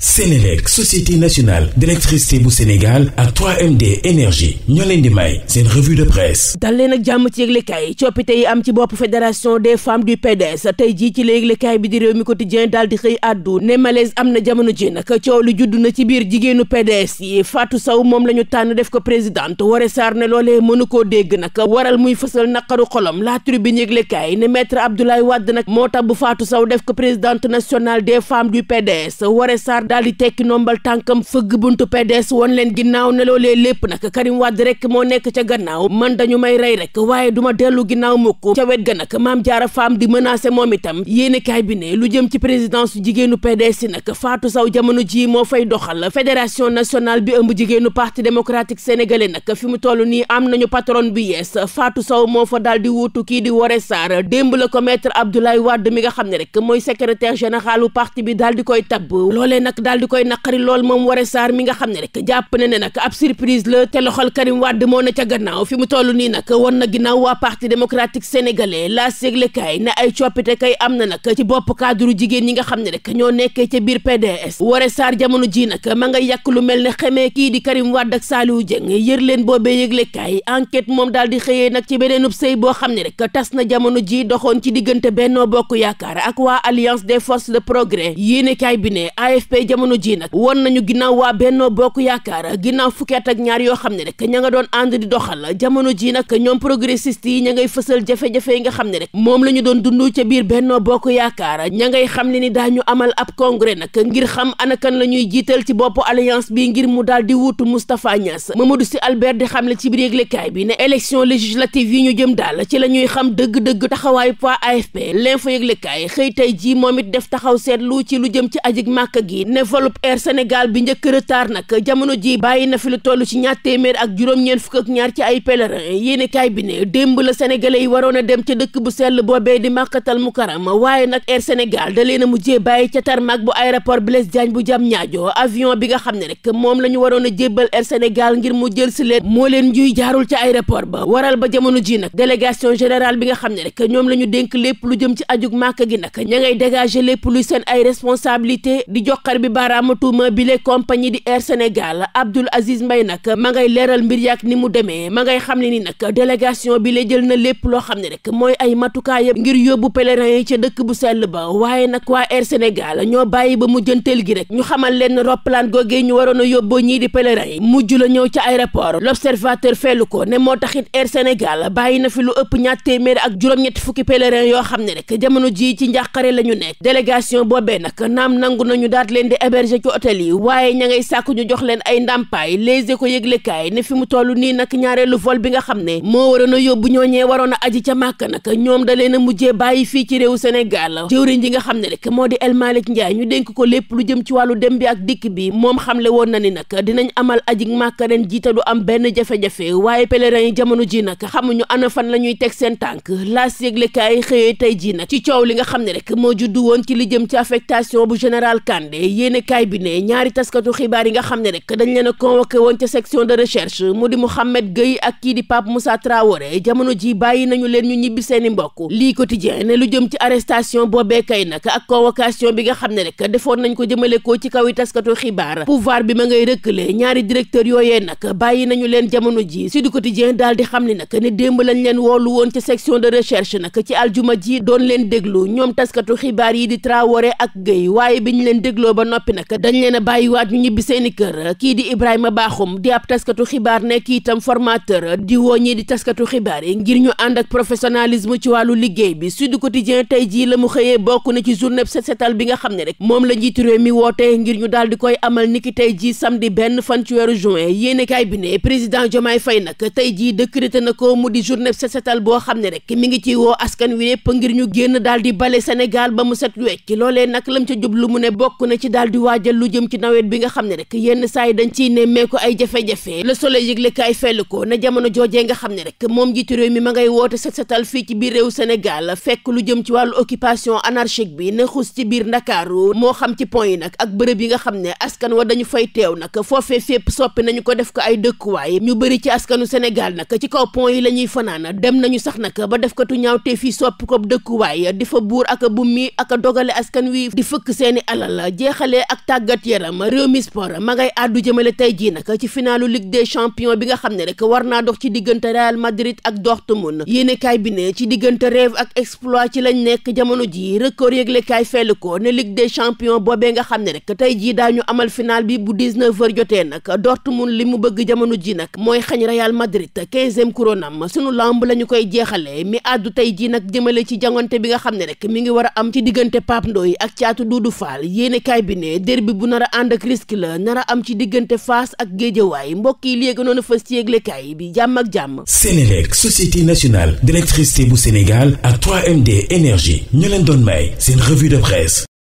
Sénélec société nationale d'électricité bu Sénégal ak 3MD énergie ñoo leen di may seen revue de presse dal leen ak jàmm ci yëglekaay coppite yi am ci bopp fédération des femmes du PDS tey jii ci la yëglekaay bi di réew mi quotidien daal di xëy àddu ne malaise am na jamono ji nag coow li judd na ci biir jigéenu PDS yi faatu saw moom la ñu tànn def ko présidente Woré Sarr ne loolee mënu koo dégg nag waral muy fësal naqaru xolam la tribune yëglekaay ne maître Abdoulaye Wade nag moo tabb Fatou Sow def ko présidente nationale des femmes du daal di tekki nombal tànkam fëgg buntu PDS won leen ginnaaw ne lee lépp nag Karim Wade rekk moo nekk ca gannaaw man dañu may rey rek waaye duma dellu ginnaaw mukk ca wet ga nag maam jaara faam di menacé moom itam yéeni kaay bi ne lu jëm ci présidence jigéenu PDS nag faatu saw jamono ji moo fay doxal fédération nationale bi ëmb jigéenu parti démocratique sénégalais nag fi mu toll nii am nañu patron bi yees Fatou saw moo fa daal di wuutu kii di Woré Sarr démb la ko maître Abdoulaye mi nga xam ne rek mooy secrétaire général parti bi daal di koy tabb nag daal di koy naqari lool moom Woré Sarr mi nga xam ne rek jàpp ne ne nag ab surprise la te loxol Karim Wade moo na ca gannaaw fi mu toll nii nag won na ginnaaw waa parti démocratique sénégalais laa séglekaay ne ay coppite kay am na nag ci bopp cadre jigéen ñi nga xam ne rek ñoo nekkee ca biir PDS waree saar jamono ji nag ma nga yàq lu mel ne xamee kii di Karim Wade ak Saliou Dieng yër leen boobee yëglekaay enquête moom daal di xëyee nag ci beneenub sëy boo xam ne rek tas na jamono ji doxoon ci diggante Benno Bokk Yaakaar ak waa Alliance des forces de progrès yéenekaay bi ne AFP jamono ji nag won nañu ginnaaw waa Benno Bokk Yaakaar ginnaaw fukki at ak ñaar yoo xam ne rek ña nga doon ànd di doxal jamono ji nag ñoom progressiste yi ña ngay fësal jafe yi nga xam ne rek moom la ñu doon dund ca biir Benno Bokk Yaakaar ña ngay xam ne ni daañu amal ab congrès nag ngir xam anakan la ñuy jiital ci boppu alliance bi ngir mu daal di wuutu Moustapha Niass Mamadou Sy Albert di xam ne ci biir yëglekaay bi ne élection législative yi ñu jëm daal ci la ñuy xam dëgg-dëgg taxawaayu poids AFP l'info yëglekaay xëy tey jii moom it def taxaw seetlu ci lu jëm ci ajig màkk gi ne volub Air Sénégal bi njëkk retard nag jamono ji bàyyi na fi lu toll ci ñaar téeméer ak juróom-ñeent fukk ak ñaar ci ay pèlerin yéenekaay bi ne démb la sénégalais yi waroon a dem ca dëkk bu sell boobee di màkkatal mukarama waaye nag Air Sénégal da leen a mujjee bàyyi ca mag bu aéroport Blaise Diagne bu jam ñaajo avion bi nga xam ne rek moom la ñu waroon a jébbal Air Sénégal ngir mu jël si leen moo leen juy jaarul ca aéroport ba waral ba jamono ji nag délégation générale bi nga xam ne rek ñoom la ñu dénk lépp lu jëm ci ajug màkk gi nag ña ngay lépp luy seen ay responsabilité bi baaraamu tuuma bi le compagnie di Air Sénégal Abdoul Aziz Mbaye nag ma ngay leeral mbir yaak ni mu demee ma ngay xam ne ni nag délégation bi la jël na lépp loo xam ne rek mooy ay matukaayam ngir yóbbu pèlerin yi ca dëkk bu sell ba waaye nag waa Air Sénégal ñoo bàyyi ba mu jënteel gi rek ñu xamal leen roppalaan googee ñu waroon a yóbboo ñii di pèlerin yi mujj la ñëw ca aéroport l'observateur fellu ko ne moo taxit Air Sénégal bàyyi na fi lu ëpp ñaar téeméer ak juróom-ñetti fukki pèlerin yoo xam ne rek jamono ji ci njàqare la ñu nekk délégation boobee nag héberger ci hôtel yi waaye ña ngay sàkk ñu jox leen ay ndàmpaay Les Échos yëglekaay ne fi mu toll nii nag ñaareelu vol bi nga xam ne moo waroon a yóbbu ñooñee waroon a aji ca màkk nag ñoom da leen a mujjee bàyyi fii ci réew Sénégal jëwriñ ji nga xam ne rek moo di El Malick Ndiaye ñu dénk ko lépp lu jëm ci wàllu dem bi ak dikk bi moom xam le woon na ni nag dinañ amal aji màkk ren du am benn jafe-jafe waaye pèlerin yi jamono ji nag xamuñu ana fan la ñuy teg seen tànk laas yëglekaay xëyee tey ji nag ci coow li nga xam ne rek moo juddu woon ci li jëm ci affectation bu général Kandé yéene kaay bi ne ñaari taskatu xibaar yi nga xam ne rek dañ leen a woon ca section de recherche mu di Mouhamed Gueye ak kii di Pape Moussa Traoré jamono ji bàyyi nañu leen ñu ñibbi seeni mbokk lii quotidien ne lu jëm ci arrestation boobee kay ak convocation bi nga xam ne rek defoon nañ ko jëmale ko ci kaw i taskatu xibaar pouvoir bi ma ngay rëkkale ñaari directeur yooyee nag bàyyi nañu leen jamono ji Sud Quotidien daal di xam ne nag ne démb ca section de recherche nag ci noppi nag dañ leen a bàyyiwaat ñu ñibbi seeni kër kii di Ibrahima Bakhoum di ab taskatu xibaar nekk itam formateur di woo ñii di taskatu xibaar yi ngir ñu ànd ak professionnalisme ci wàllu liggéey bi Sud Quotidien tey jii la mu xëyee bokk na ci journée set setal bi nga xam ne rek moom la njiitu réew mi wootee ngir ñu daal di koy amal niki tey jii sam di benn fan ci weeru juin yéenekaay bi ne président Diomaye Faye nag tey jii décrété na ko mu di journée set setal boo xam ne rek mi ngi ci woo askan wi yépp ngir ñu génn daal di bale Sénégal ba mu set wecc loolee nag lam ca jublu ne bokk daal di waajal lu jëm ci nawet bi nga xam ne rek yenn saa yi dañ ciy nemmeeku ay jafe-jafe le soleil yëgle kaay fell ko na jamono joojee nga xam ne rek moom jiitu réew mi ma ngay woote set setal fii ci biir réew Sénégal fekk lu jëm ci wàllu occupation anarchique bi ne xus ci biir Ndakaaru moo xam ci point yi nag ak bërëb yi nga xam ne askan wa dañu fay teew nag foofe fépp soppi nañu ko def ko ay dëkkuwaay ñu bëri ci askanu senegal nag ci kaw pont yi la ñuy fanaan dem nañu sax nag ba def katu ñaaw te fii dëkkuwaay di fa buur jeexalee ak tàggat yaram réew mi sport ma ngay tey jii nag ci finalu ligue des bi nga xam ne rek war naa dox ci diggante Real Madrid ak Dortmund yéenekaay bi ne ci diggante rêve ak exploit lañ nekk jamono jii record yëglekaay fell ko ne ligue des champions boobee nga xam ne rek tey jii daañu amal final bi bu 19 heures jotee nag mun li mu bëgg jamono jii nag mooy xañ Real Madrid 15e couronam sunu lamb la ñu koy jeexalee mi àddu tey jii nag jëmale ci jangante bi nga xam ne rek mi ngi war am ci diggante Pape yi ak caatu Doudou Fall yéenekaay bi ne derbi bu nar a ànd ak risque la nar a am ci diggante fas ak Guédiawaye mbokk yi léegi noonu fës ci yëglekaay bi jàmm ak jàmm. Sénélec société nationale d'électricité bu Sénégal ak 3MD énergie ñu leen doon may seen revue de presse.